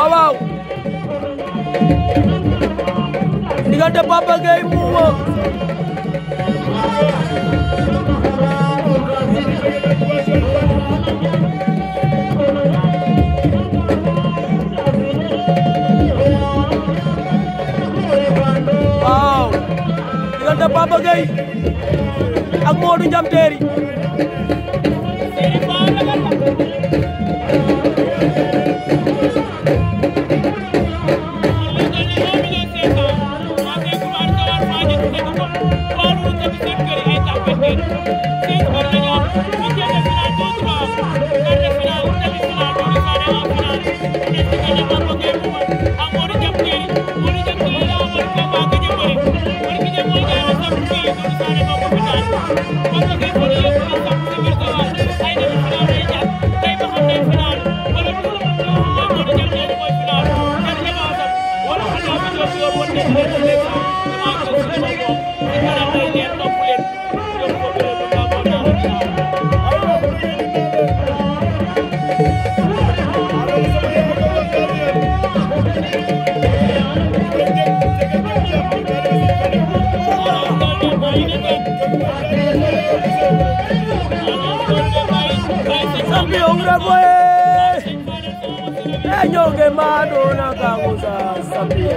Wawaw Ini gak ada apa-apa gaimu Wawaw Tidak ada apa-apa, guys. Aku mau di jam Zimbabwe enyoke madona kamuza Zambia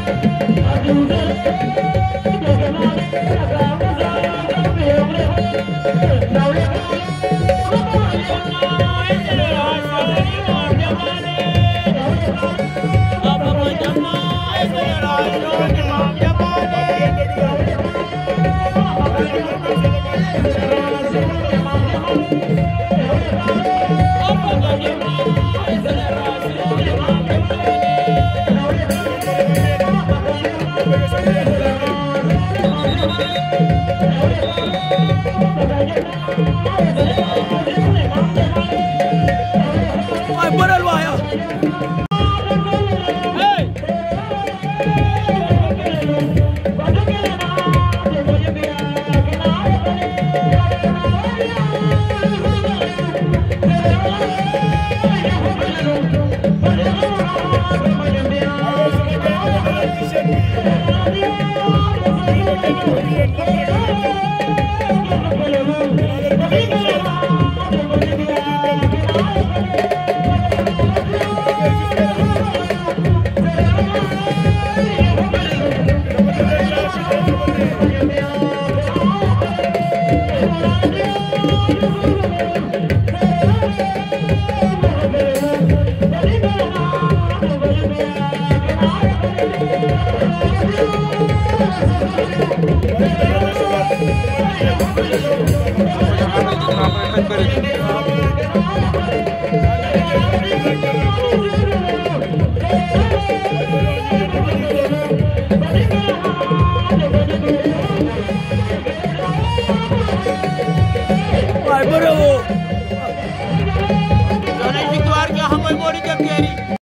Thank you. ¡Gracias! مغرا بني نا بني